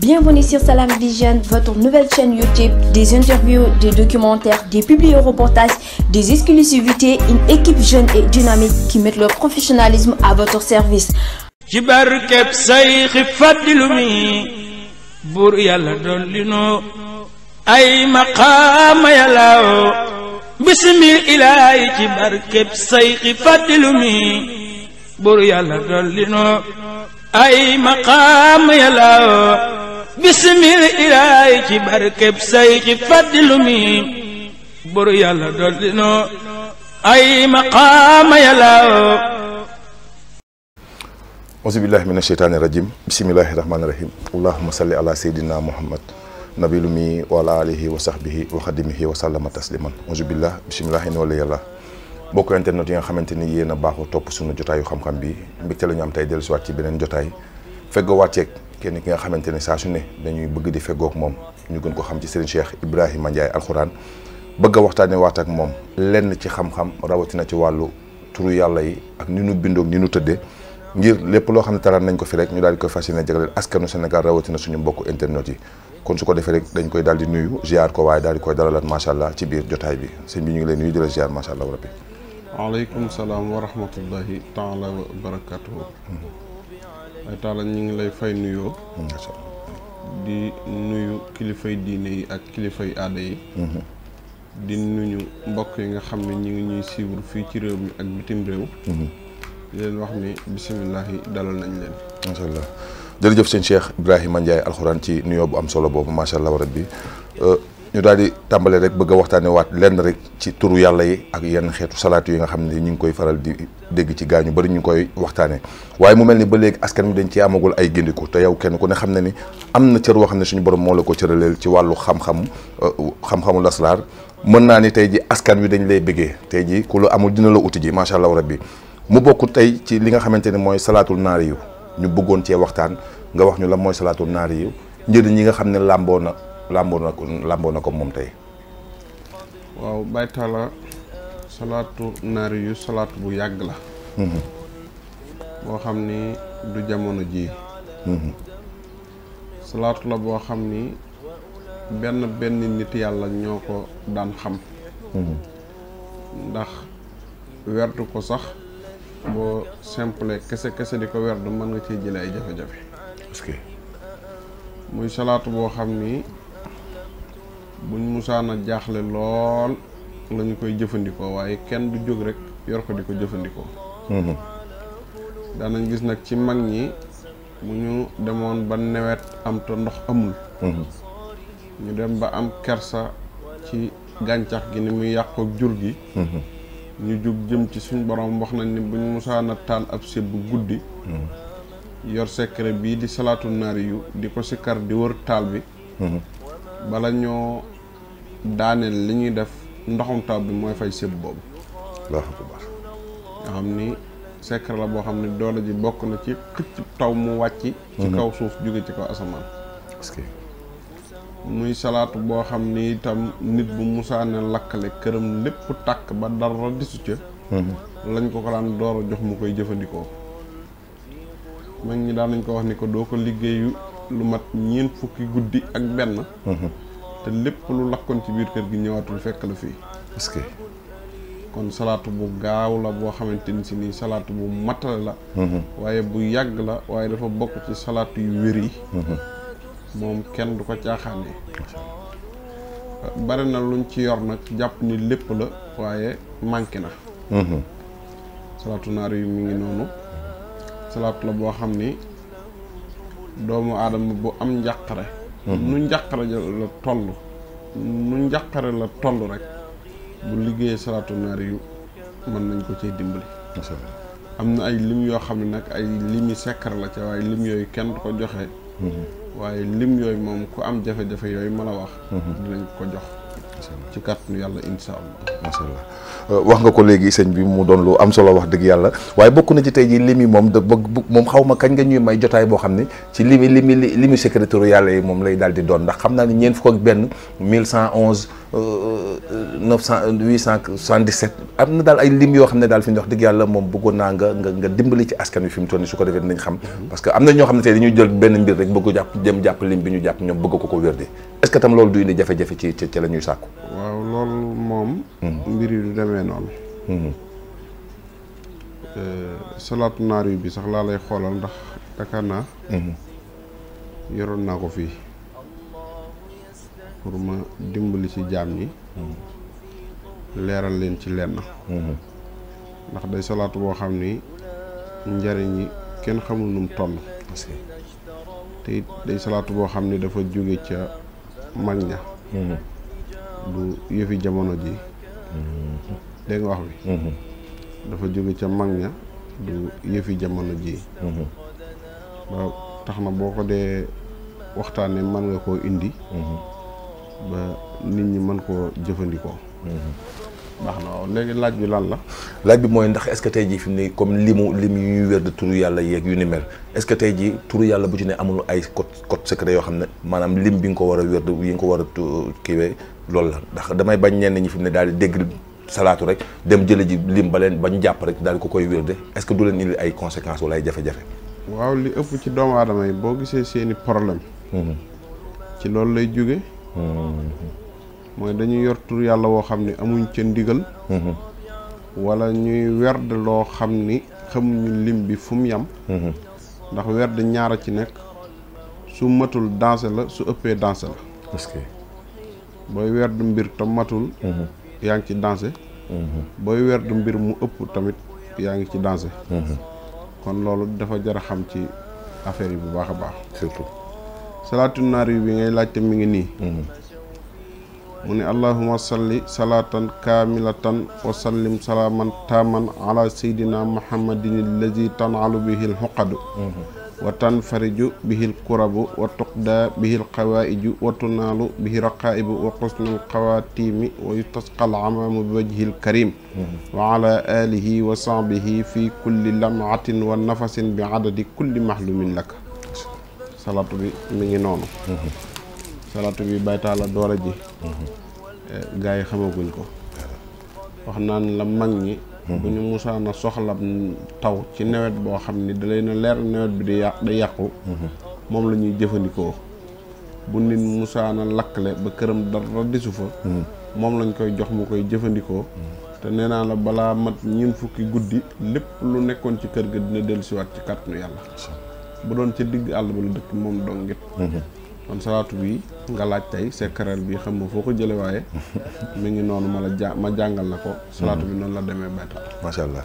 Bienvenue sur Salam Vision, votre nouvelle chaîne YouTube, des interviews, des documentaires, des publi-reportages, des exclusivités, une équipe jeune et dynamique qui met leur professionnalisme à votre service. ci barkeb Sayxi Fadilu mi buur yàlla dolli noo ay maqaama yàllaaw bismil ilaahi yàlla dolli noo ay maqaama bismil ilaahi ci barkeb say ci faddilu mi buru yàlla dolli noo ay maqaama yàllaaw auzu billaahi mina sheytaani rajiim bismillaahi rahmaani rahiim allahumma salli ala seydina muhammad nabilu mi wa ala alihi wa sahbihi wa xadimihi wa sallama tasliman auzu billah bismillaahi ni wala yàlla bokk internet yi nga xamante ni yéen baaxu topp suñu jotaayu xam-xam bi mbégte la ñu am tey dellusiwaat ci beneen jotaay feggo wàcceeg kenn ki nga xamante ne saa su ne dañuy bëgg di fegook moom ñu gën ko xam ci Serigne Cheikh Ibrahima Ndiaye alxuraan bëgg a waxtaanee waat moom lenn ci xam-xam rawatina ci wàllu turu yàlla yi ak ni nu bindoog ni nu tëddee ngir lépp loo xam ne talaan nañ ko fi rek ñu daal di koy fas yéene jagleel askanu senegal rawatina suñu mbokk internet yi kon su ko defee rek dañ koy daal di nuyu ziar ko waaye daal di koy dalalat macha allah ci biir jotaay bi sëñ bi ñu ngi lay nuyu di la ziar macha allah rabbi. waaleykum salaam wa rahmatullahi taala wa ay taala ñu ngi lay fay nuyoo. di nuyu kilifay diine yi ak kilifay aada yi. Mm-hmm. di nuyu mbokk yi nga xam ne ñu ngi ñuy suivre fii ci réew mi ak bitim réew. Mm-hmm. di leen wax ni bisimilah dalal nañ leen. macha allah jërëjëf sëñ Cheikh Ibrahima Ndiaye alxuraan ci nuyoo bu am solo boobu macha allah bi ñu daal di tàmbali rek bëgg a waxtaane waat lenn rek ci turu yàlla yi ak yenn xeetu salaatu yi nga xam ne ñu ngi koy faral di dégg ci gaañu bari ñu koy waxtaane waaye mu mel ni ba léegi askan wi dañ ci amagul ay gindiku te yow kenn ku ne xam ne ni am na cër woo xam ne suñu borom moo la ko cëraleel ci wàllu xam-xam euh, xam-xamu mën naa ni tey ji askan wi dañ lay bëggee tey ji ku lu amul dina la uti ji macha allah bi mu bokku tey ci li nga xamante ne mooy salaatul naar yu ñu bëggoon cee waxtaan nga wax ñu la mooy salaatul naar yu njëriñ yi nga xam ne làmboo na làmboo a ko làmboo na ko moom tey waaw Baye Talla salaatu naari yu salaatu bu yàgg la mhm. boo xam ni du jamono ji mhm. salaatu la boo xam ni benn benn nit yàlla ñoo ko daan xam mhm. ndax wertu ko sax boo simple kese kese di ko werdu mën nga ci jële ay jafe-jafe muy salaatu boo xam ni buñ musaan a jaaxle lool lañu koy jëfandikoo waaye kenn du jóg rek yor ko di ko jëfandikoo mhm. daanañ gis nag ci mag ñi mu ñu demoon ba nawet am te ndox amul mhm. ñu dem ba am kersa ci gàncax gi ni muy yàqook jur gi mhm. ñu jóg jëm ci suñ borom wax nañ ni buñ musaan a taal ab sedd bu guddi yor secret bii di salaatu naari yu di ko sikkar di wër taal bi bala ñoo daaneel li ñuy def ndoxum taw bi mooy fay sëb boobu waaw ni secret la boo xam ne doole ji bokk na ci xëcc taw mu wàcc ci mhm. kaw suuf jóge ci kaw asamaan muy salaatu boo xam ni itam nit bu musaane lakkale këram lépp tàkk ba dara disu ca mhm. lañ ko ko daan door jox mu koy jëfandikoo mag ñi daan nañ ko wax ni ko doo ko liggéeyu lu mat ñeent fukki guddi ak benn mhm. te lépp lu lakkoon ci biir kër gi ñëwatul fekk la fii. est kon salaatu bu gaaw la boo xamante ni si nii salaatu bu matale la. Mm-hmm. waaye bu yàgg la waaye dafa bokk ci salaatu yu wér yi. Mm-hmm. moom kenn du ko caaxaane. bari na luñ ci yor nag jàpp ni lépp la waaye manqué na. Mm-hmm. salaatu naar yi mu ngi noonu. salaatu la boo xam ni doomu aadama bu am njàqare. nu njàqare la toll nu njàqare la toll rek bu liggéeyee salaatu naar yu mën nañ ko cay dimbali am na ay lim yoo xam ne nag ay limi sekkar la ca waaye lim yooyu kenn du ko joxe mhm. waaye lim yooyu moom ku am jafe-jafe yooyu ma la wax mhm. dinañ ko jox ci kàttanu yàlla incha allah. macha allah euh, wax nga ko léegi sëñ bi mu doon lu am solo wax dëgg yàlla waaye bokk na ci tey jii limi moom da bëgg moom xaw ma kañ nga ñuy may jotaay boo xam ne ci limi limi limi secrétaire yàlla yi moom lay daal di doon ndax xam naa ne ñeent benn ak cent 1111. Euh, euh, euh, neuf cent huit cent soixante-dix-sept am na daal ay lim yoo xam ne daal fi ñu wax dëgg yàlla moom bëggoon naa nga nga nga dimbali ci askan wi fi mu toll nii su ko defee dinañ xam mhm. parce que am na ñoo xam ne tey dañuy jël benn mbir rek bëgg jàpp dem jàpp lim bi ñu jàpp ñoom bëgg ko ko wér de est-ce que tam loolu du indi jafe-jafe ci ci sàkku waaw loolu moom mhm. mbir yi du demee noonu mhm. salaatu naar bi sax laa lay xoolal ndax takana yoroon naa ko fii pour dimbali ci jaam ñi leeral leen ci lenn day salaatu boo xam ni njariñ yi kenn xamul num toll te it day boo xam ni dafa jóge ca mag ña du yëfi jamono ji dégg nga wax bi dafa jóge ca mag ña du yëfi jamono ji tax na boo ko dee waxtaanee mën nga koo indi ba nit ñi mën koo jëfandikoo. baax na waaw léegi laaj bi lan la. laaj bi mooy ndax est-ce que jii fi mu ne comme limu lim yu ñuy wér de yàlla yeeg yu ni mel est-ce que tey jii turu yàlla bu ci ne amul ay code code secret yoo xam ne maanaam lim bi nga ko war a wér de yi nga ko war a kiiwee loolu la ndax damay bañ ñenn ñi fi mu ne daal di dégg salaatu rek dem jële ji lim ba leen bañ jàpp rek daal ko koy wér de est-ce que du leen indi ay conséquences wala ay jafe-jafe. waaw li ëpp ci doomu aadama yi boo gisee seeni problème. Mm-hmm. ci loolu lay jóge mooy dañuy yor tur yàlla woo xam ni amuñ ca ndigal wala ñuy werd loo xam ni xamuñu lim bi fu mu yam ndax werd ñaar a ci nekk su matul danse la su ëppee danse la que booy werd mbir te matul mhm. yaa ngi ci danse mhm. booy werd mbir mu ëpp tamit yaa ngi ci danse mhm. kon loolu dafa jar xam ci affaire yi bu baax a baax salaatu naari bi ngay laajte mu ngi nii mm-hmm. mu ne allahuma salli salaatan kaamilatan wa sallim salaaman taaman ala seydina muhammadin allazi tanalu bihi lxuqadu mm-hmm. wa tanfariju bihi lkurabu wa tuqda bihi lqawaaiju wa tunaalu bihi raqaibu wa xusnu lqawaatimi wa yutasqa lamaamu bi wajhi lkarim mm-hmm. wa ala alihi wa sahbihi fi kulli lamcatin wa nafasin bi adadi kulli mahlumin laka salaatu bi mi ngi noonu mhm. salatu bi baytaala door a ji mhm. eh, gaa yi xamaguñ ko wax naan la mag ñi mhm. bu ñu musaana soxla taw ci nawet boo xam ni da lay na leer nawet bi di yàq yàqu moom lañuy jëfandikoo bu nit musaana lakkle ba këram dara disu fa moom lañ koy jox mu koy jëfandikoo te nee naa la balaa mat ñeent fukki guddi lépp lu nekkoon ci kër ga dina dellusiwaat ci kàttanu yàlla bu doon ci digg àll ba la dëkk moom dongit mhm. kon salaatu bi nga laaj tey sekkareel bi xam nga foo ko jële waaye mi ngi noonu ma la ja ma jàngal na ko salaatu bi mhm. noonu la demee baytal macha allah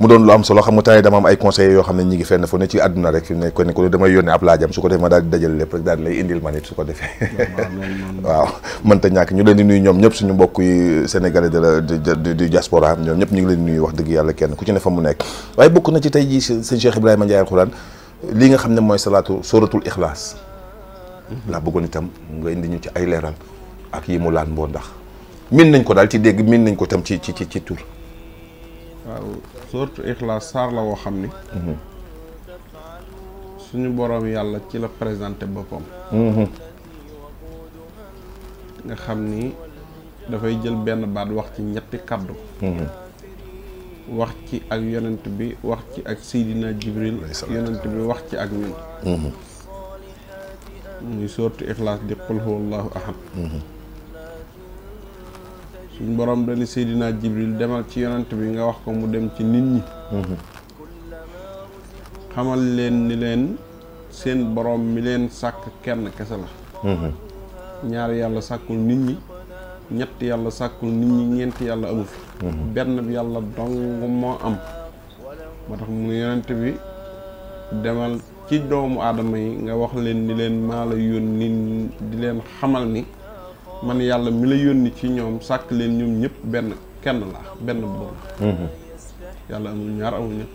mu doon lu am solo xam nga tey dama am yoo xam ne ñi ngi fenn fu ne ci àdduna rek fi mu ne ne ko ab laajam su ko defee ma daal di dajale lépp rek daal di lay indil ma nit su ko defee waaw mënta ñàkk ñu leen di nuyu ñoom ñëpp suñu mbokk yi sénégalais de la di diaspora ñoom ñëpp ñu ngi leen di nuyu wax dëgg yàlla kenn ku ci ne fa bokk na ci tey ji sëñ Cheikh Ibrahima Ndiaye Alxuraan lii nga xam ne mooy salaatu sóoratul ixlaas laa bëggoon itam nga indi ñu ci ay leeral ak yi mu laan mboo ndax min nañ ko daal ci dégg min nañ ko itam ci ci ci ci tur waaw sóoratul ixlaas saar la woo xam ni mhm. suñu boroom yàlla ci la présenté boppam mhm. nga xam ni dafay jël benn baat wax ci ñetti kàddu mhm. wax ci ak yonent bi wax ci ak Seydina Jibril yonent bi wax ci ak ñun mhm. muy sortu Ixlaas di qul huwallahu ahad mhm. suñ borom dani Seydina Jibril demal ci yonent bi nga wax ko mu dem ci nit ñi mhm. xamal leen ni leen seen borom mi leen sàkk kenn kese la ñaar yàlla sàkkul nit ñi ñett yàlla sàkkul nit ñi ñeent yàlla amu fi benn bi yàlla dong moo am moo tax mu yonent bi demal ci doomu aadama yi nga wax leen ni leen maa la yónni di leen xamal ni man yàlla mi la yónni ci ñoom sàkk leen ñoom ñëpp benn kenn la benn borom mhm. yàlla amul ñaar amul ñett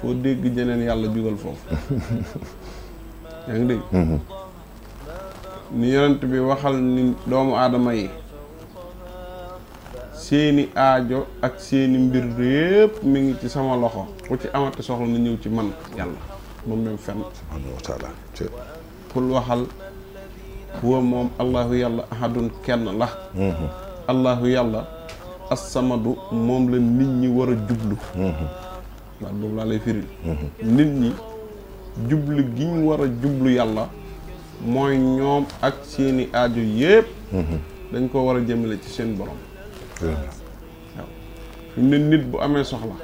foo dégg jeneen yàlla jugal foofu yaa dégg mhm. ni yonent bi waxal ni doomu aadama yi seeni aajo ak seeni mbir yépp mu ngi ci sama loxo ku ci amati soxla na ñëw ci man yàlla moom même fenn subhaanahu wa taala pul waxal huwa moom allahu yàlla ahadun kenn la mm-hmm. allahu yàlla assamadu moom la nit ñi war a jublu waaw mm-hmm. boobu mm-hmm. nit ñi jublu gi ñu war a jublu yàlla mooy ñoom ak seeni aajo yépp dañ ko war a jëmale ci seen borom waaw fi nit bu amee soxla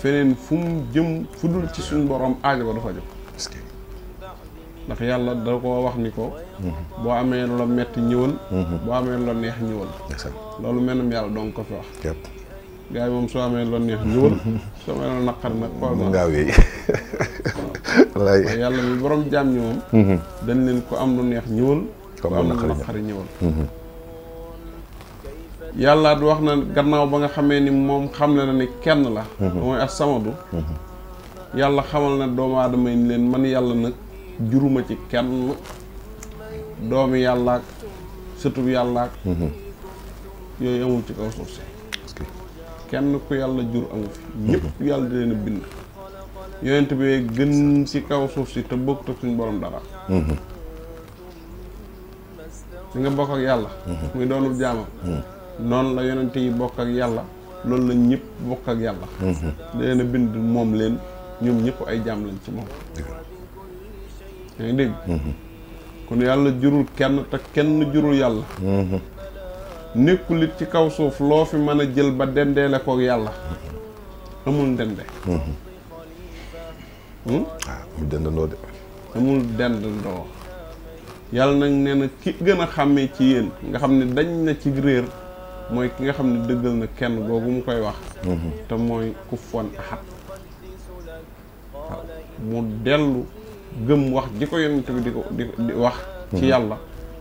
feneen fu mu jëm fu dul ci suñu borom aajo ba dafa jóg ndax yàlla da koo wax ni ko boo amee lu la metti ñëwal boo amee lu la neex ñëwal loolu menam yàlla doon ko fi wax moom soo amee lu la neex ñëwal soo amee lu nag xool ma ngaa wéy yàlla mi borom jaam ñi mm-hmm. dañ leen ko am lu neex ñëwal ko am lu naqari ñëwal mm-hmm. yàlla wax na gannaaw ba nga xamee ni moom xam na ni kenn la mhm. mooy as-samadu mhm. yàlla xamal na doomu aadama yi leen man yàlla nag juruma ci kenn doomi yàlla ak sëtub yàlla mhm. yooyu amul ci kaw suuf si kenn ku yàlla jur amu fi ñëpp yàlla di leen bind yonent bi gën ci kaw suuf si te bokkut ak suñu borom dara li nga yàlla muy doonub jaamam noonu la yonent yi bokk ak yàlla loolu la ñëpp bokk ak yàlla leen mhm. a bind moom leen ñoom ñëpp ay jaam lañ ci moom yaa ngi dégg mhm. yàlla jurul kenn te kenn jurul yàlla mhm. nekkulit ci kaw suuf loo fi mën a jël ba dendeele kook yàlla amul ndende waaw hmm? ah, amul dendandoo de amul dendandoo yàlla nag nee na ki gën a xàmmee ci yéen nga xam ne dañ na ci réer mooy ki nga xam ne dëggal na kenn googu mu koy wax mhm. te mooy ku foon axat waaw mu dellu gëm wax ji ko yonent bi di ko di wax ci mhm. yàlla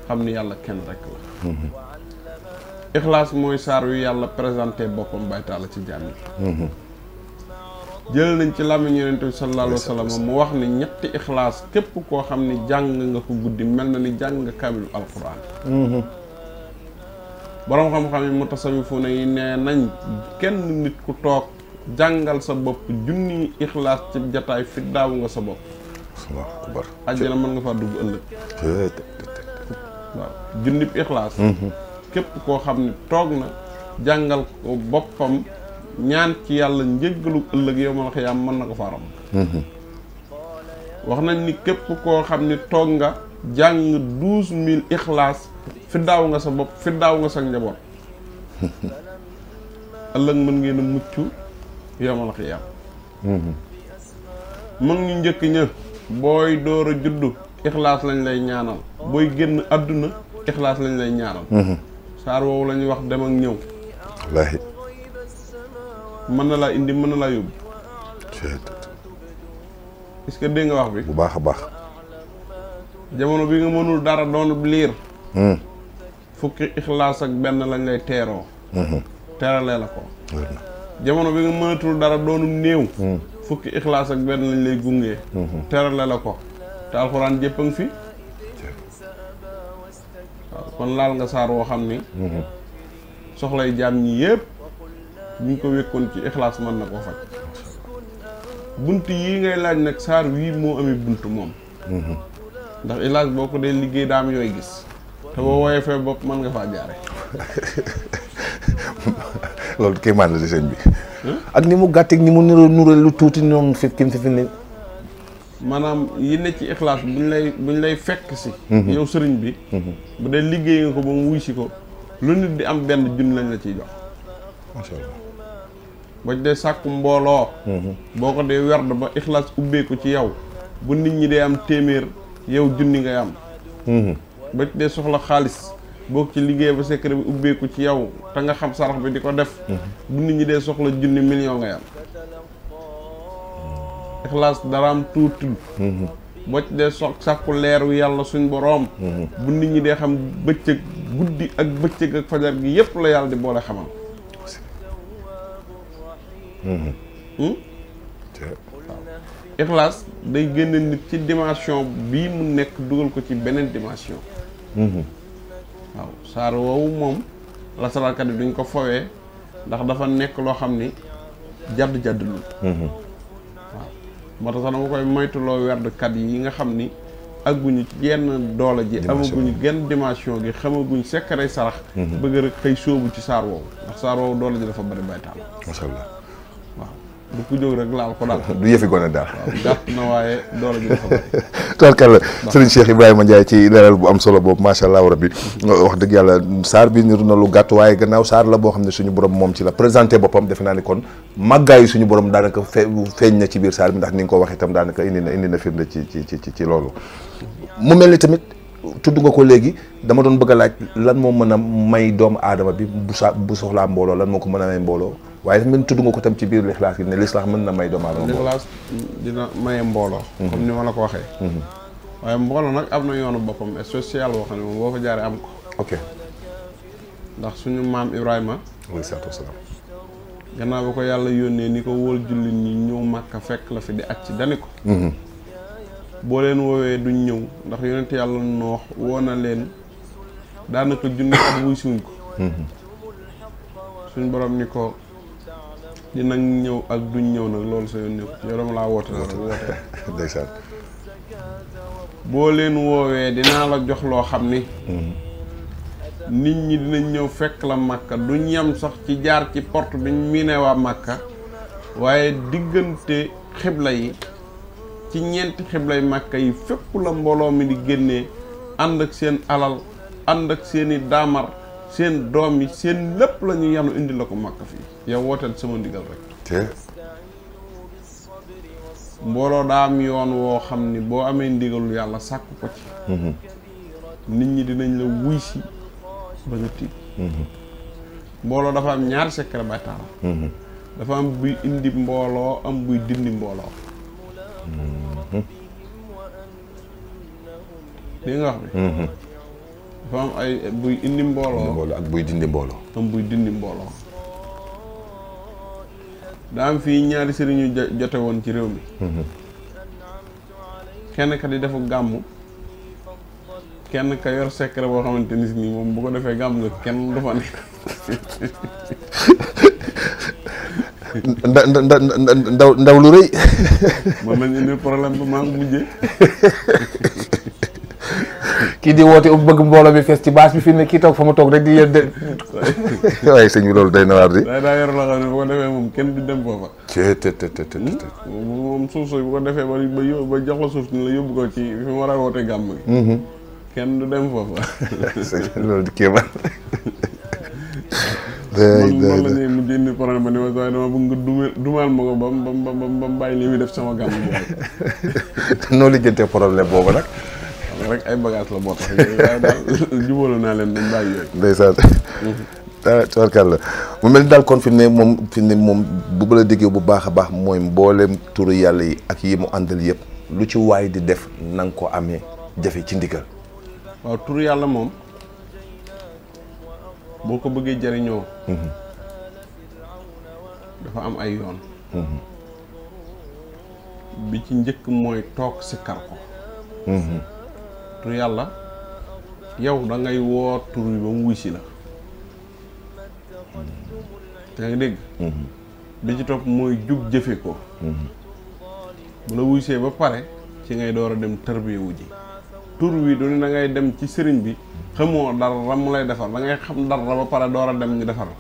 xam ni yàlla kenn rek la mhm. ixlaas mooy saar yu yàlla présenté boppam baytaala ci jaam yi jël nañ ci làmmiñ yonent bi sallallahu alayhi wa mu wax ne ñetti ixlaas képp koo xam ne jàng nga ko guddi mel na ni jàng nga boroom xam-xam yi mutasawifuna yi nee nañ kenn nit ku toog jàngal sa bopp junni ixlaas ci jataay fi nga sa bopp allahu akbar àjjana mën nga faa dugg ëllëg waaw junnib ixlaas mm-hmm. képp koo xam ne toog na jàngal ko boppam ñaan ci yàlla njëggalu ëllëg yow ma la xiyaam mën na ko faaram mm-hmm. wax nañ ni képp koo xam ne toog nga jàng douze fiddaaw nga sa bopp fiddaaw nga sa njaboot ëllëg mën ngeen a mucc yamal xiyaam mhm. mag ñu njëkk ña booy door a juddu ixlaas lañ lay ñaanal booy génn àdduna ixlaas lañ lay ñaanal mhm. saar woowu la ñuy wax dem ak ñëw wallaahi mën na laa indi mën na laa yóbbu est-ce que dégg nga wax bi bu baax a baax jamono bi nga mënul dara doon liir Hmm. fukki ixlaas ak benn lañ lay teeroo hmm. teeralee la ko jamono bi nga mënatul dara doonum néew hmm. fukki ixlaas ak benn lañ lay gunge teeralee la ko te alxuraan jëpp fi kon laal nga saar woo xam ni soxlay jaam ñi yëpp buñ ko wékkoon ci ixlaas mën na ko faj bunt yii ngay laaj nag saar wii moo amee bunt moom ndax ilaaj boo ko dee liggéey daam yooy gis te boo wooyee fee bopp mën nga fa jaare loolu kii maan la sëñ bi. Hmm? ak ni mu gàtt ni mu niróo niróo lu tuuti noonu fi kim fi fi ne. maanaam yi ne ci ixlaas buñ lay buñ lay fekk si. yow sëriñ bi. bu dee liggéey nga ko ba mu wuy si ko lu nit di am benn junni lañ la ciy jox. macha allah. ba dee sàkku mbooloo. boo ko dee werd ba ixlaas ubbeeku ci yow bu nit ñi dee am téeméer yow junni ngay am. ba ci dee soxla xaalis boo ci liggéey ba secret bi ubbeeku ci yow te nga xam sarax bi di ko def mhm. bu nit ñi dee soxla junni million nga yam ixlaas daraam tuutul mhm. leeru yàlla suñ boroom mhm. ñi dee xam bëccëg ak bëccëg fajar gi yàlla di boole xamal waaw hmm? day génn nit ci dimension bii mu nekk dugal ko ci beneen dimension Mhm. waaw saar woowu moom la salaatkat bi duñ ko fowee ndax dafa nekk loo xam ni jadd jadd lu mhm. waaw moo tax sax dama koy moytuloo werdkat yi nga xam ni ak agguñu yenn doole ji amaguñu genn dimension gi xamaguñ sekkaray sarax mhm. bëgg rek xëy sóobu ci saar woowu ndax saar woowu doole ji dafa bari baytaal masha allah waaw du ko jóg rek laal ko daal du yëfi gone daal gàtt na waaye doole ji dafa bari tarkal sëriñ Cheikh Ibrahima Ndiaye ci leeral bu am solo boobu macha allah rabbi wax dëgg yàlla saar bi niru na lu gàtt waaye gannaaw saar la boo xam ne suñu borom moom ci la présenté boppam defe naa ni kon màggaayu suñu borom daanaka fe feeñ na ci biir saar bi ndax ni nga ko waxee itam daanaka indi na indi na firnde ci ci ci ci loolu mu mel ni tamit tudd nga ko léegi dama doon bëgg a laaj lan moo mën a may doomu aadama bi bu sa bu soxlaa mbooloo lan moo ko mën a mbooloo waaye mën tudd ko tam ci biir lixlaas gi ne lixlaas man na may doomu aadama lixlaas dina maye mbooloo mhm. comme ni ma la ko waxee mhm. waaye mbooloo nag am na yoonu boppam et social boo xam ne moom boo fa jaaree am ko ok ndax suñu maam Ibrahima alayhi salaatu gannaaw ba ko yàlla yónnee ni ko wóol jullit ñi ñëw màkka fekk la fi di acc dani ko mhm. boo leen woowee duñ ñëw ndax yonent yàlla noox woo na leen daanaka junne at wuy suñ ko suñ borom ni ko dina ñëw ak duñ ñëw nag loolu sa yoon ñëw yow dama laa woote la woote boo leen woowee dinaa la jox loo xam ni mhm. nit ñi dina ñëw fekk la màkka duñ yem sax ci jaar ci porte biñ miine waa màkka waaye diggante xibla yi ci ñeenti xibla yi màkka yi fépp la mbooloo mi di génnee ànd ak seen alal ànd ak seeni daamar seen doom yi seen lépp la ñu yanu indi la ko màkk fii yow wooteel sama ndigal rek mbooloo daa am yoon woo xam ni boo amee ndigalul yàlla sàkk ko ci mhm. nit ñi dinañ la wuy si ba nga tiit mhm. mbooloo dafa am ñaari secret bay taaral mhm. dafa am buy indi mbooloo am buy dindi mbooloo li nga wax bi dafa am ay buy indi mbooloo ak buy dindi mbooloo am buy dindi mbooloo daa am fii ñaari sëriñu jote woon ci réew mi mhm. kenn ka di defu gàmm kenn ka yor secret boo xamante ni si nii moom bu ko defee gàmm nga kenn du fa nekk ndaw lu rëy. moom la ñu indil problème maa ngi mujjee. kii di woote bëgg mbooloo bi fees ci bâche bi fi ne kii toog fa mu toog rek di yéen de. waaye sëñ bi loolu day na waar di. daa daa yor loo xam ne bu ko defee moom kenn du dem foofa. te te te te te hmm? moom suuf sooy bu ko defee ba ba yób ba jox la suuf ni la yóbbu ko ci fi mu war a wootee gàmm gi. Mm-hmm. kenn du dem foofa. loolu di kéemaan. day day man la ñuy mujj indi problème ma ni ma waaye dama bëgg nga dumal dumal ma ko ba mu ba mu ba mu bàyyi li muy def sama gàmm boobu. noo lijjantee problème boobu nag. rek ay bagage la moo tax waaye naa leen dañ bàyyi yooyu. ndeysaan. tubarkal la mu mel ni daal kon fi mu moom fi moom bu la déggee bu baax a baax mooy mboolem turu yàlla yi ak yi mu àndal yépp lu ci waay di def na nga ko amee jafe ci ndigal. waaw turu yàlla moom boo ko bëggee jëriñoo. Mhm. dafa am ay yoon. Mhm. bi ci njëkk mooy toog si kar ko. Mhm. tur yàlla yow da ngay woo si la hmm. yaa dégg hmm. bi ci topp mooy jug jëfe ko hmm. bu la ba pare ci ngay door a dem tërbiyewu ji tur wi du ne da ngay dem ci sëriñ bi xamoo dara mu lay defar da ngay xam dara ba pare door a dem ñu defar la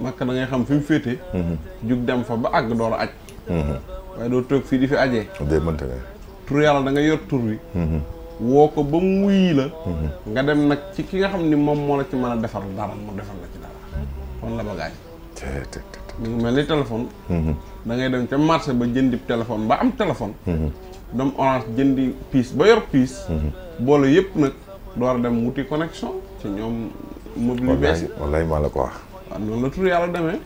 makk da ngay xam fi mu féete jug dem fa ba àgg door a aj waaye doo toog fii di fi ajee tur yàlla da nga yor tur woo ko ba mu wuyi la nga dem nag ci ki nga xam ni moom moo la ci mën a defar dara mu defar la ci dara kon la bagage mi ngi mel ni téléphone da ngay dem ca marché ba jëndi téléphone ba am téléphone dem orange jëndi piis ba yor piis boole yëpp nag door a dem wuti connexion ci ñoom mobile yu bees yi wallaay maa la ko wax waaw noonu la tur yàlla demee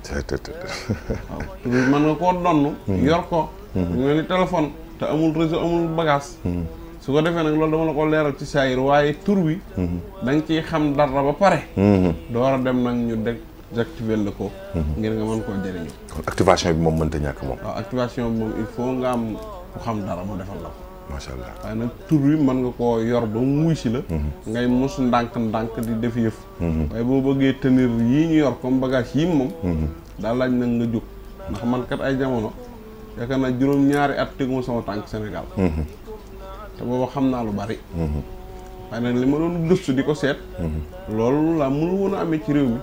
waaw tur mën nga koo donn yor ko ñu mel ni téléphone te amul réseau amul bagage. Hmm. su ko defee nag loolu dama la ko leeral ci saayir waaye tur wi. Hmm. da nga ciy xam dara ba pare. Hmm. door a dem nag ñu deg activé la ko. ngir nga mën koo jëriñoo. activation bi moom mënta ñàkk moom. waaw activation bi moom il faut nga am ku xam dara mu defal la ko. macha allah waaye nag tur wi mën nga koo yor ba mu wuy si la. ngay mos ndànk-ndànk di def yëf. waaye boo bëggee tenir yii ñu yor comme bagage yi moom. daal laaj nag nga jóg ndax ay jamono. yaakaar naa juróom-ñaari at teguma sama tànk Sénégal mhm. te booba xam naa lu bari mhm. waaye nag li ma doon gëstu di ko seet mhm. loolu laa mënu woon amee ci réew mi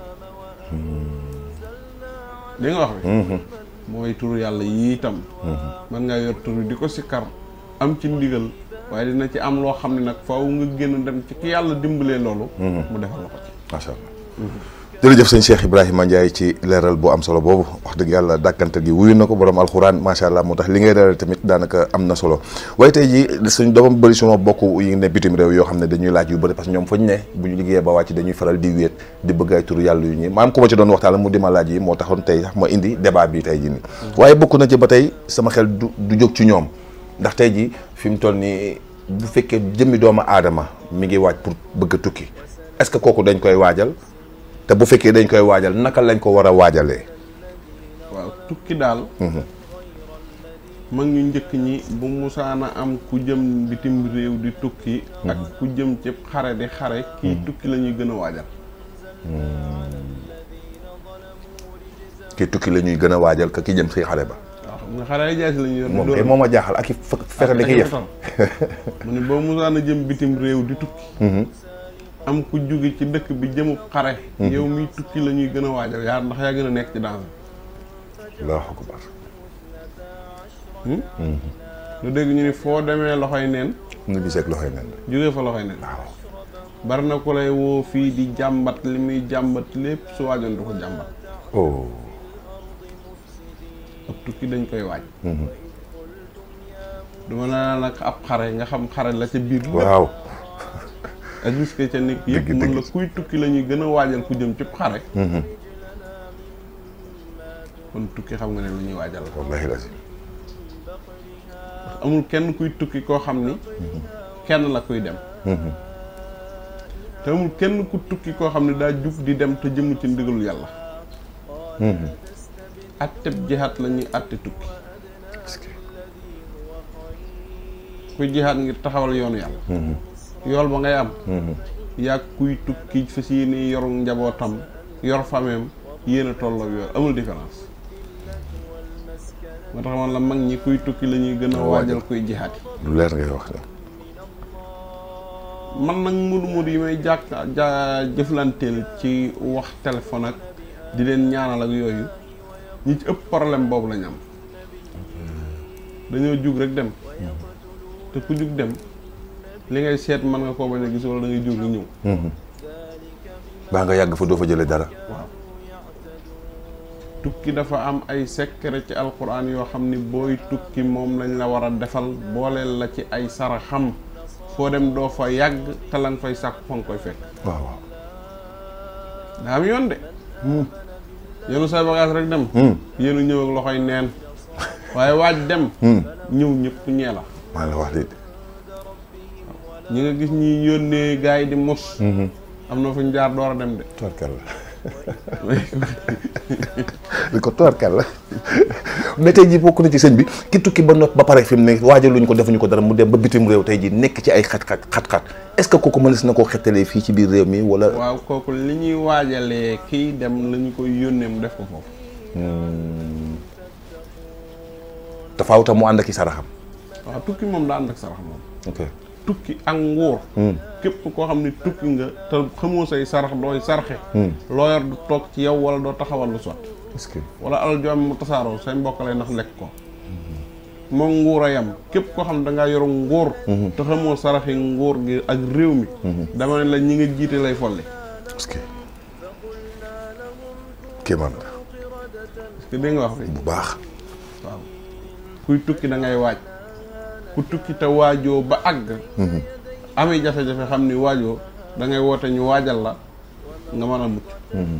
li nga wax bi mooy turu yàlla yii itam man ngaa yor turu di ko sikkar am ci ndigal waaye dina ci am loo xam ne nag faaw nga génn dem ci ki yàlla dimbalee loolu mu defal la ci macha allah jërëjëf sëñ Cheikh Ibrahima Ndiaye ci leeral bu am solo boobu wax dëgg yàlla dàkkante gi wuyu na ko borom alxuraan macha allah moo tax li ngay leeral tamit daanaka am na solo waaye tey jii suñ dama bëri suma bokk yi ne bitim réew yoo xam ne dañuy laaj yu bëri parce que ñoom fañ ne bu ñu liggéeyee ba wàcc dañuy faral di wéet di bëgg ay turu yàlla yu ñi maam ku ma ci doon waxtaan mu dima laaj yi moo taxoon tey sax ma indi débat bi tey jii nii mm-hmm. waaye bokk na ci ba tey sama xel du du jóg ci ñoom ndax tey jii fi mu toll nii bu fekkee jëmmi doomu aadama mi ngi waaj pour bëgg tukki est-ce que kooku dañ koy waajal te bu fekkee dañ koy waajal naka lañ ko war a waajalee. waaw tukki daal. Mhm. mag ñu njëkk ñi bu musaana am ku jëm bitim réew di tukki. Mhm. ak ku jëm ci xare di xare. kii mhm. tukki la ñuy gën a waajal. Hmm. tukki la ñuy gën a waajal ka ki jëm si xare ba. waaw xam nga la ñuy yor. moom kay a jaaxal ak i fetali yëf. mu ne boo musaana jëm bitim réew di tukki. am ku jóge ci dëkk bi jëmub xare mhm. yow miy tukki lañuy ñuy gën a waajal yaa ndax yaa gën nekk ci danger lu hmm? mhm. dégg ñu ni foo demee loxoy neen nu biseeg loxoy neen jógee fa loxoy neen waaw bari na ku lay woo fii di jàmbat li muy jàmbat lépp su waajoon du ko jàmbat oh tukki dañ koy waaj mhm. duma naa nag ab xare nga xam xare la ca biir waaw ak risque ca nekk yëpp mën la kuy tukki lañuy ñuy gën a waajal ku jëm ci xare mm-hmm. kon tukki xam nga ne lu ñuy waajal la wallaahi amul kenn kuy tukki koo xam ni mm-hmm. kenn la kuy dem mm-hmm. te amul kenn ku tukki koo xam ne daa jub di dem te jëm ci ndigalu yàlla atteb jihaat la ñuy atte tukki kuy jihaat ngir taxawal yoon yàlla yool ba ngay am mm-hmm. yaa kuy tukki fas yéene yoru njabootam yor fameem yéen a tolloo amul différence moo tax man la mag ñi kuy tukki lañuy ñuy gën a waajal kuy jihaati lu leer ngay wax man nag mudu mudu yi may jàkk jëflanteel ci wax téléphone ak di leen ñaanal ak yooyu ñi ci ëpp problème boobu lañ am mm-hmm. dañoo jug rek dem mm-hmm. te ku jug dem li ngay seet mën nga koo bañ a gis wala da ngay jóg lu ñëw. Mhm. baa nga yàgg fa doo fa jëlee dara. tukki dafa am ay secret ci alquran yoo xam ni booy tukki moom lañ la war a defal booleel la ci ay saraxam foo dem doo fa yàgg te la fay sàkk fa nga koy fekk. daa am yoon de. Hmm. yenu say bagage rek dem. Hmm. yenu ñëw loxoy neen. waaye waaj dem. Hmm. ñëw ñëpp ñee la. la wax ñu nga gis ñi yónnee gars yi di mos. Mhm. am na fu ñu jaar door a dem de. tubarkal la li ko tubarkal la mais jii bokk na ci sëñ bi ki tukki ba nopp ba pare fi mu ne waajaluñ ko defuñu ko dara mu dem ba bitim réew tey jii nekk ci ay xat-xat xat-xat est-ce que kooku mënees na koo xettalee fii ci biir réew mi wala. waaw kooku li ñuy waajalee kii dem lañu koy yónnee mu def ko foofu. dafa hmm. mu ànd ak i saraxam. waaw tukki moom daa ànd ak saraxam ok. tukki ak nguur hmm. képp koo xam ne tukki nga te xamoo say sarax dooy sarxe hmm. loo yor du toog ci yow wala doo taxawal lu sot wala alal joo am mu tasaaroo say mbokk lay ndax lekk ko moom nguur a yam képp koo xam ne dangaa yoru nguur hmm. te xamoo saraxi nguur gi ak réew mi dama la ñi nga jiite lay folli kéemaan la parce que dégg nga wax bi bu baax waaw kuy tukki da ngay waaj ku tukki te waajoo ba àgg mhm. amee jafe-jafe xam ni waajoo da ngay woote ñu waajal la nga mën a mucc mhm.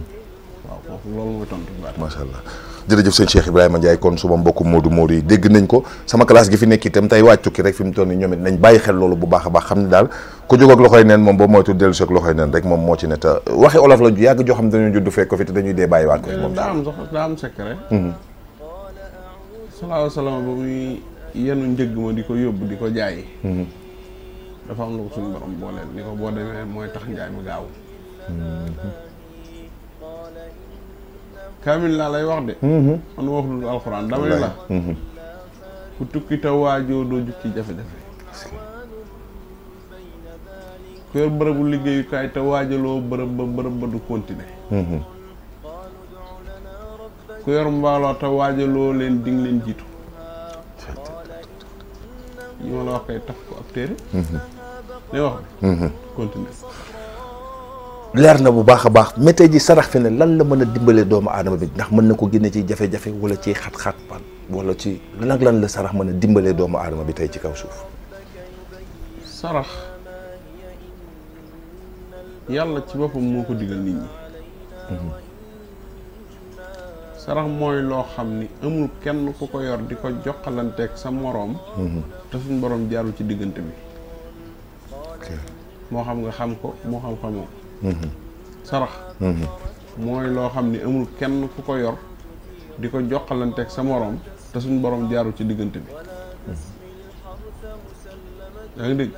waaw foofu loolu mooy tontu bi macha allah jërëjëf sëñ Cheikh Ibrahima Ndiaye kon suma mbokku Modou Modou yi dégg nañ ko sama classe gi fi nekk itam tey waa tukki rek fi mu toll ni ñoom it nañ bàyyi xel loolu bu baax a baax xam ne daal ku jóg ak loxoy neen moom boo moytu dellu si ak loxoy neen rek moom moo ci ne te waxi olof la yàgg joo xam dañu judd fekk ko fi te dañuy dee bàyyi waat ko moom yenu njëgg ma di ko yóbbu di ko jaayi hmm. dafa am lu ko suñu borom booleel ni ko boo demee mooy tax njaay mi gaaw hmm. kaamil lay wax de hmm. man wax lu alxuraan damay la ku tukki te waajoo doo jukki jafe-jafe ku yor bërëbu liggéeyukaay te waajaloo bërëb ba bërëb ba du continuer ku yor mbaaloo te waajaloo leen di leen jiitu yi nga mhm. mhm. leer na bu baax a baax mais tey ji sarax fi ne lan la mën a dimbalee doomu aadama bi ndax mën na ko génne ci jafe-jafe wala ci xat-xat pan wala ci lan lan la sarax mën a dimbalee doomu aadama bi tey ci kaw suuf sarax yàlla ci boppam moo ko digal nit ñi mhm. sarax mooy loo xam ni amul kenn ku ko yor di ko joxalanteeg sa moroom mhm. te boroom borom jaarul ci diggante bi moo xam nga xam ko moo xam xamoo mhm. sarax mhm. mooy loo xam ni amul kenn ku ko yor di ko joxalanteeg sa moroom te suñ borom jaarul ci diggante bi yaa ngi dégg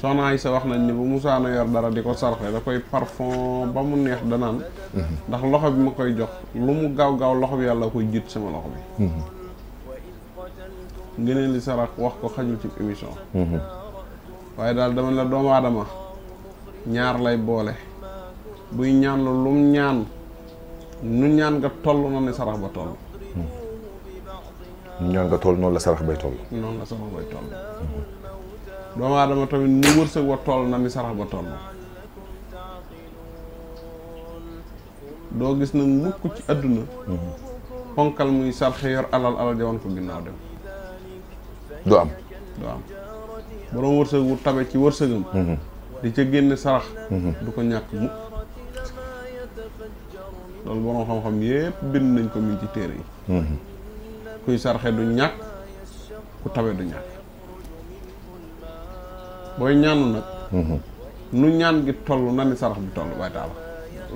soxna Aysa wax nañ ni bu Moussa na yor dara di ko sarxe da koy parfum ba mu neex danaan ndax loxo bi ma koy jox lu mu gaaw gaaw loxo bi yàlla koy jiit sama loxo bi ngëneel li sarax wax ko xajul ci émission waaye daal dama na doomu aadama ñaar lay boole buy ñaan lu lum ñaan nu ñaan nga toll na ne sarax ba toll nu ñaan nga toll noonu la sarax bay toll noonu la sarax bay toll doomu aadama tamit nu wërsëg wa toll na ni sarax ba toll doo gis na mukk ci àdduna ponkal muy sarxe yor alal alal jawan ko ginnaaw dem du am du wërsëg wu tabe ci wërsëgam mhm. di ca génne sarax mhm. du ko ñàkk mukk loolu borom xam-xam yépp bind nañ ko mi ci téere yi mhm. kuy sarxe du ñàkk ku tabe du ñàkk booy ñaanu nag. Mhm. nu ñaan gi toll na ni sarax bi toll waaye taala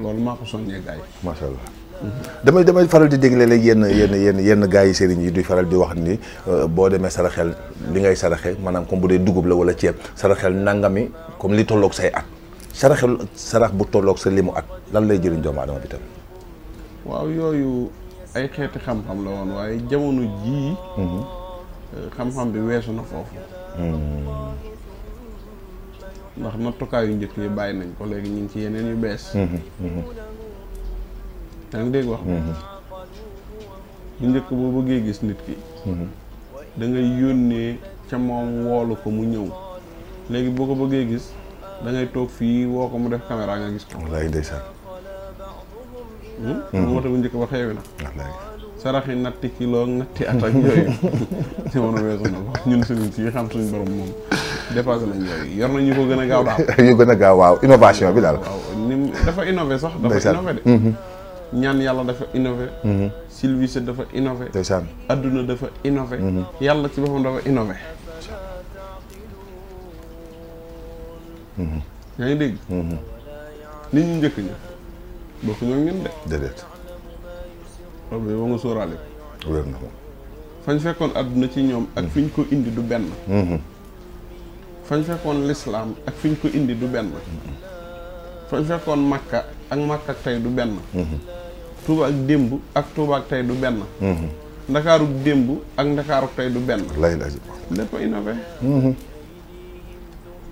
loolu maa ko soññee gars yi. macha allah mhm. damay damay faral di dégg léeg-léeg yenn yenn yenn yenn gars yi sëriñ yi du faral di wax ni euh, boo demee saraxel li ngay saraxe maanaam comme bu dee dugub la wala ceeb saraxel nangami comme li tollook say at saraxel sarax bu tollook sa limu at lan lay jëriñ doomu aadama bi tam. waaw yooyu ay xeeti xam-xam la waaye jamono jii. Mhm. Euh, xam-xam bi weesu na foofu. ndax nattukaay yu njëkk yi bàyyi nañ ko léegi ñu ngi ci yeneen yu bees. Mhm, mhm. yaa ngi dégg wax. bu mhm. njëkk boo bëggee gis nit ki. da ngay yónnee ca moom woolu ko mu ñëw léegi boo ko bëggee gis da toog fii woo ko mu def caméra nga gis ko. wallaay ndeysaan. Hmm? moo bu njëkk ba xeewi na. wallaay. saraxi natti kilo natti at ak yooyu. jamono weesu na ko ñun suñu ci xam suñu borom moom. dépassé nañ yooyu yor ñu ko gën a gaaw daal. yu gën a gaaw waaw innovation bi daal. waaw ni dafa innové sax. dafa innové de. Mm-hmm. ñaan yàlla dafa innové. Mm-hmm. Sylvie dafa innové. ndeysaan adduna dafa innové. Mm-hmm. yàlla ci boppam dafa innové. yaa ngi dégg. nit ñu njëkk ña bokkuñu ak ñun de. déedéet. loolu bi ba nga fekkoon adduna ci ñoom. ak fi ñu ko indi du benn. fañ fekkoon lislaam ak fiñ ko indi du benn fañ fekkoon makka ak makka ak tey du benn tuuba ak démb ak tuuba ak tey du benn ndakaaru démb ak ndakaaru tey du benn lay la lépp mhm.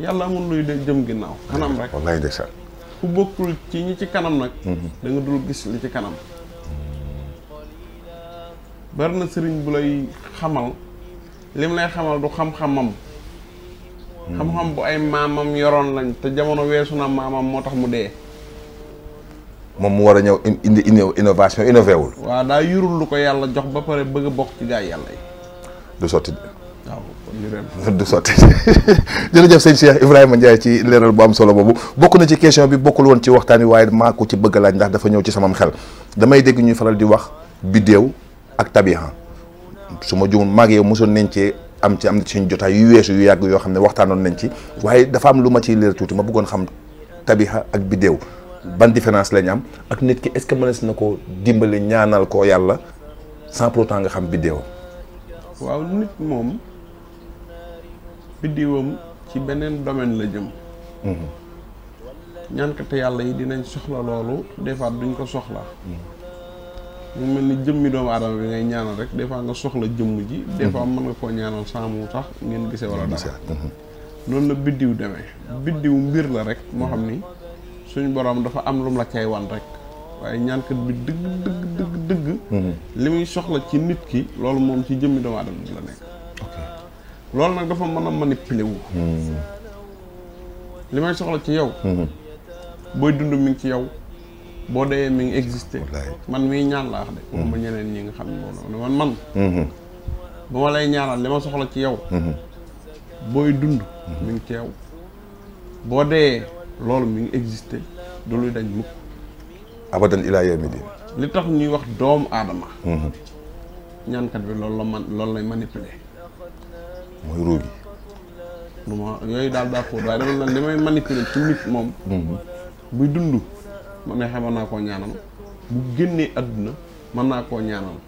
yàlla amul luy de jëm ginnaaw kanam rek de sax ku bokkul ci ñi ci kanam nag mhm. da dul gis li ci kanam bari na sëriñ bu lay xamal lim lay xamal du xam-xamam xam-xam bu ay maamam yoroon lañ te jamono weesu na maamam moo tax mu dee. moom mu war a ñëw indi innovation innové wul. waaw daa yurul lu ko yàlla jox ba pare bëgg bokk ci gaa yàlla yi. du sotti. waaw kon du sotti jërëjëf sëñ Cheikh Ibrahima Ndiaye ci leeral bu am solo boobu bokk na ci question bi bokkul woon ci waxtaan wi waaye maa ko ci bëgg laaj ndax dafa ñëw ci sama xel damay dégg ñuy faral di wax biddéew ak tabiha su ma juum mag yow mosoon nañ cee am ci am na ci suñu jotaay yu weesu yu yàgg yoo xam ne waxtaanoon nañ ci waaye dafa am lu ma ciy leer tuuti ma bëggoon xam tabixa ak biddéew ban différence lañ am ak nit ki est-ce que mënees na ko dimbali ñaanal ko yàlla sans pour autant nga xam biddéewam waaw nit moom biddéewam ci beneen domaine la jëm mhm. ñaan yàlla yi dinañ soxla loolu des fois duñ ko soxla mhm. mu mel ni jëmmi doomu aadama bi ngay ñaanal rek des fois nga soxla jëmm ji. des fois mën nga koo ñaanal sans sax tax ngeen gisee wala dara. Mhm. noonu la biddiw demee biddiw mbir la rek moo xam ni suñu boroom dafa am lu mu la wan rek waaye ñaankat bi dëgg dëgg dëgg dëgg. Mhm. li muy soxla ci nit ki loolu moom ci jëmmi doomu aadama bi la nekk. loolu nag dafa mën a manipuler wu. Mhm. li may soxla ci yow. booy dund mi ci yow. boo dee mi ngi existé man mii ñaan laa de moom mm-hmm. ñeneen ñi nga xam ne moom man man mm-hmm. ba ma lay ñaanal li ma soxla ci yow mm-hmm. booy dund mi ngi teew boo dee loolu mi ngi existé du luy dañ mukk abadan ilaa yawmi din li tax ñuy wax doomu aadama ñaankat bi lool la man loolu lay manipuler mooy ruu gi yooyu daal daa xóot waaye dama naan li may manipuler ci nit moom buy dund man nga xamoon naa koo ñaanal bu génnee àdduna mën naa koo ñaanal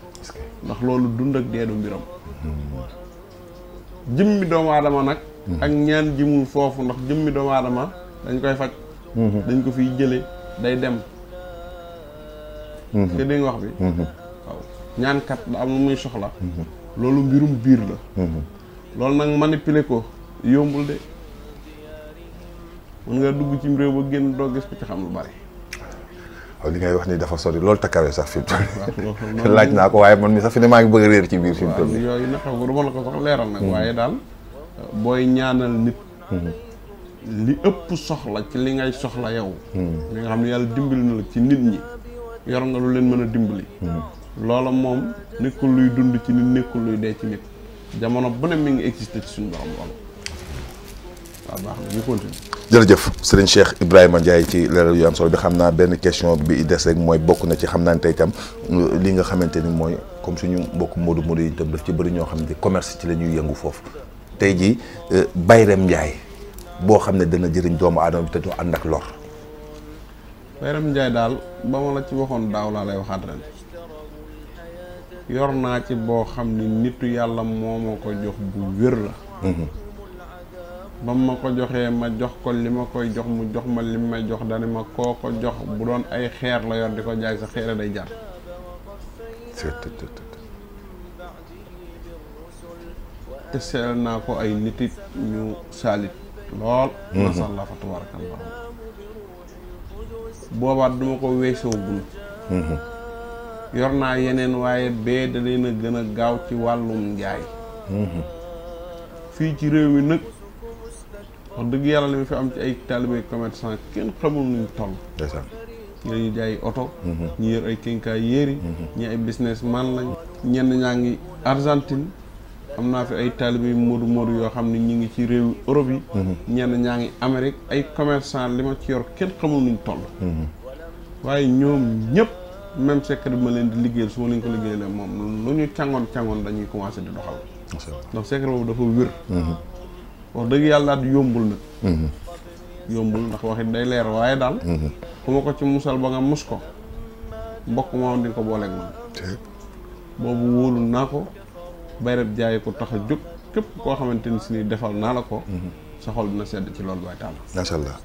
ndax loolu dund ak deedu mbiram hmm. jëmmi doomu aadama nag hmm. ak ñaan jëmul foofu ndax jëmmi doomu aadama dañ koy faj hmm. dañ ko fiy jële day dem te wax bi waaw ñaankat da am lu muy soxla loolu mbirum biir la loolu nag manipuler ko yombul de mën nga dugg ci réew ba génn doo gis ko ci xam lu bari waaw li ngay wax ni dafa sori loolu takkawee sax fi mu toll laaj naa ko waaye man mi sax fi ne maa ngi bëgg a réer ci biir fi mu toll yooyu naqaw ko du ma la ko sax leeral nag hmm. waaye daal booy ñaanal nit hmm. li ëpp soxla ci li ngay soxla yow hmm. li nga xam ne yàlla dimbali na la ci nit ñi yor nga lu leen mën a dimbali loola moom nekkul luy dund ci nit nekkul luy dee ci nit jamono bu ne mi ngi existé ci suñu borom loolu waaw baax na ñu continue jërëjëf sëriñ Cheikh Ibrahima Ndiaye ci leeral yu am solo bi xam naa benn question bi des rek mooy bokk na ci xam naa tey tam li nga xamante ni mooy comme suñu mbokk Modou Modou yi itam daf ci bari ñoo xam ne commerce ci la ñuy yëngu foofu tey jii euh, Bayram Ndiaye boo xam ne dana jëriñ doomu aadama bi te du ànd ak lor. Bayram Ndiaye daal ba ma la ci waxoon daaw laa lay waxaat ren yor naa ci boo xam ne nitu yàlla moo ma ko jox bu wér la. Mm-hmm. ba ma ko joxee ma jox ko li ma koy jox mu jox ma li may jox dani ma koo ko jox bu doon ay xeer la yor di ko jaay sa xeere day jar te seel naa ko ay niti ñu saalit lool mhm. masha Allah fa tabarakallah boobaat duma ko weesoo mhm. yor naa yeneen waaye bee da leen gën a gaaw ci wàllum njaay mhm. fii ci réew mi nag wax dëgg yàlla li fi am ci ay talibé commerçant kenn xamul nuñ toll. ndeysaan ñuy jaay oto. Mhm. ñu yor ay kinkaay yéeri. Mhm. ñi ay business man lañ. ñenn ñaa ngi Argentine am naa fi ay talibé yu moodu moodu yoo xam ne ñu ngi ci réew Europe yi. Mhm. ñenn ñaa ngi amerique ay commerçant li ma ci yor kenn xamul nuñ toll. waaye ñoom ñëpp même secret bi ma leen di liggéeyal su ma leen ko liggéeyalee moom lu ñu cangoon cangoon dañuy commencé di doxal. ndax secret boobu wax dëgg yàlla daal yombul nag mhm. yombul ndax waxit day leer waaye daal mhm. ku ma ko ci musal ba nga mus ko mbokk moom di nga ko booleeg man boobu wóolu naa ko bayrab jaay ko tax a jóg képp koo xamante ni si ni defal naa la ko mhm. sa xol dina sedd ci loolu baay taal macha allah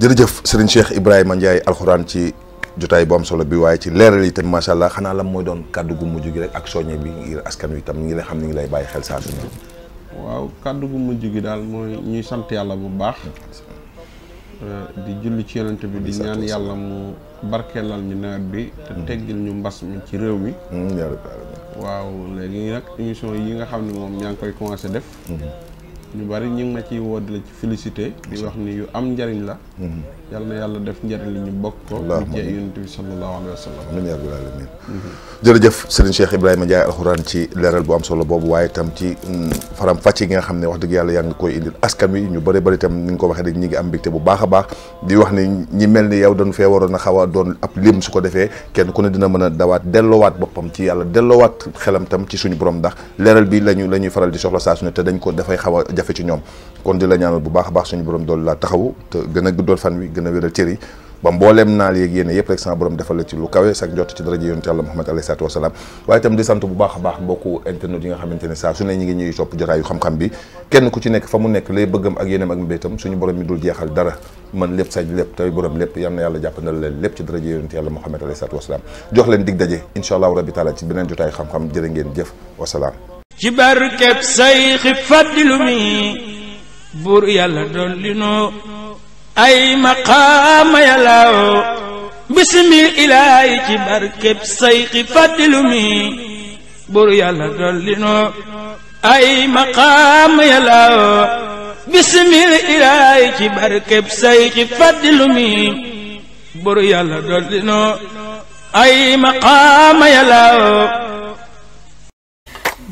jërëjëf sëriñ Cheikh Ibrahima Ndiaye alxuraan ci jotaay bu am solo bi waaye ci leeral yi itam macha allah xanaa lam mooy doon kàddu gu mujj gi rek ak soññe bi ngir askan wi itam ñi nga xam ne ngi lay bàyyi xel saa waaw kàddu gu mujj gi daal mooy ñuy sant yàlla bu baax eh, di julli ci yonent bi di ñaan yàlla mu barkeelal ñu nawet bi te mm-hmm. teggil ñu mbas mi ci réew mi mm-hmm. waaw léegi nag émission yi nga xam ne moom ñaa ngi koy commencé def mm-hmm. ñu bari ñu ngi ma ciy woo di la ci félicité di wax ni yu am njariñ la mhm. yàlla na yàlla def njariñ la ñu bokk ko ci yonent bi sallallahu alayhi wa sallam amiin yaa rabbal alamin mhm. jërëjëf a Cheikh Ibrahima Ndiaye alxuraan ci leeral bu am solo boobu waaye tam ci mm, faram fàcce yi nga xam ne wax dëgg yàlla yaa ngi koy indil askan wi ñu bëri bari itam ni nga ko waxee rek ñi ngi am mbégte bu baax a baax wax ne ñi mel ni yow dañu fee waroon a xaw a doon ab lim su ko defee kenn ku ne dina mën a dawaat delloowaat boppam ci yàlla delloowaat xelam tam ci suñu borom ndax leeral bi lañu la ñuy faral di soxla saa ne te dañ ko dafay xaw jafe ci ñoom kon di la ñaanal bu baax a baax suñu borom dool laa taxawu te gën a guddool fan wi gën a wéral cër yi ba mbooleem naal yeeg yéene yëpp rek sama borom defal la ci lu kawe sax njott ci daraja yonent yàlla baax a baax mbokku internet ne saa su ne ñi ngi nekk fa mu nekk lay bëggam ak yéenam ak mbéytam suñu borom mi dul jeexal dara man lépp sañ lépp tey borom lépp yal na yàlla jàppandal leen lépp ci daraja yonent yàlla Muhammad alayhi salaatu wasalaam jox leen dig daje incha allahu rabbi taala ci beneen jotaayu xam-xam jërë ngeen jëf wasalaam ci barkeb say xi fàddilu mi buur yàlla dolli noo ay maqaama yàllaaw bisimil ilaahi ci barkeb say xi fàddilu mi buur yàlla ay maqaama yàllaaw